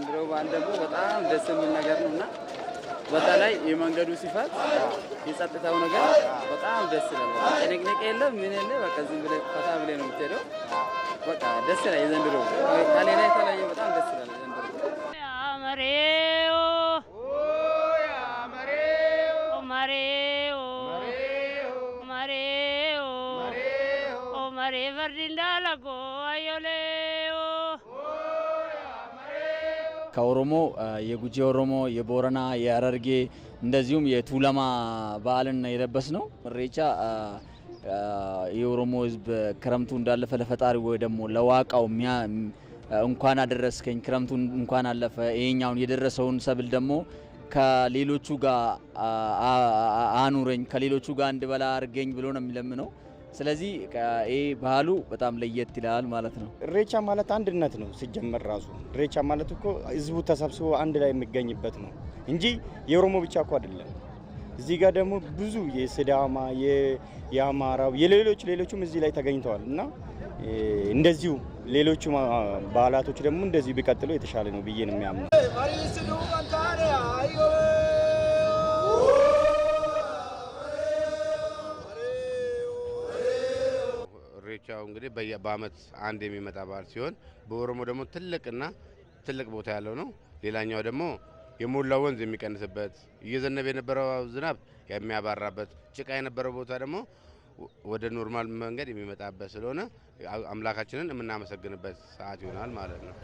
ዘንድሮ በዓል ደግሞ በጣም ደስ የሚል ነገር ነው እና ላይ የመንገዱ ሲፋት የጸጥታው ነገር በጣም ደስ ይላል። ጭንቅንቅ የለም ምን የለ በቃ ዝም ብለህ ፈታ ብለህ ነው የምትሄደው። በቃ ደስ ይላል። የዘንድሮ ላይ የተለየ በጣም ደስ ይላል። ዘንድሮ አመሬው መሬ በርድ እንዳለጎ አዮሌ ከኦሮሞ የጉጂ ኦሮሞ፣ የቦረና፣ የአረርጌ እንደዚሁም የቱለማ በዓልን የለበስ ነው። ኢሬቻ የኦሮሞ ሕዝብ ክረምቱ እንዳለፈ ለፈጣሪ ወይ ደግሞ ለዋቃው እንኳን አደረስከኝ ክረምቱ እንኳን አለፈ ይሄኛውን የደረሰውን ሰብል ደግሞ ከሌሎቹ ጋር አኑረኝ ከሌሎቹ ጋር እንድበላ አርገኝ ብሎ ነው የሚለምነው። ስለዚህ ይሄ ባህሉ በጣም ለየት ይላል ማለት ነው። ሬቻ ማለት አንድነት ነው ሲጀመር ራሱ ሬቻ ማለት እኮ ህዝቡ ተሰብስቦ አንድ ላይ የሚገኝበት ነው እንጂ የኦሮሞ ብቻ እኮ አይደለም። እዚህ ጋር ደግሞ ብዙ የስዳማ፣ የአማራው፣ የሌሎች ሌሎቹም እዚህ ላይ ተገኝተዋል እና እንደዚሁ ሌሎቹ ባህላቶች ደግሞ እንደዚሁ ቢቀጥሉ የተሻለ ነው ብዬ ነው የሚያምነው። ኢሬቻው እንግዲህ በአመት አንድ የሚመጣ በዓል ሲሆን በኦሮሞ ደግሞ ትልቅና ትልቅ ቦታ ያለው ነው። ሌላኛው ደግሞ የሞላ ወንዝ የሚቀንስበት እየዘነበ የነበረው ዝናብ የሚያባራበት ጭቃ የነበረው ቦታ ደግሞ ወደ ኖርማል መንገድ የሚመጣበት ስለሆነ አምላካችንን የምናመሰግንበት ሰዓት ይሆናል ማለት ነው።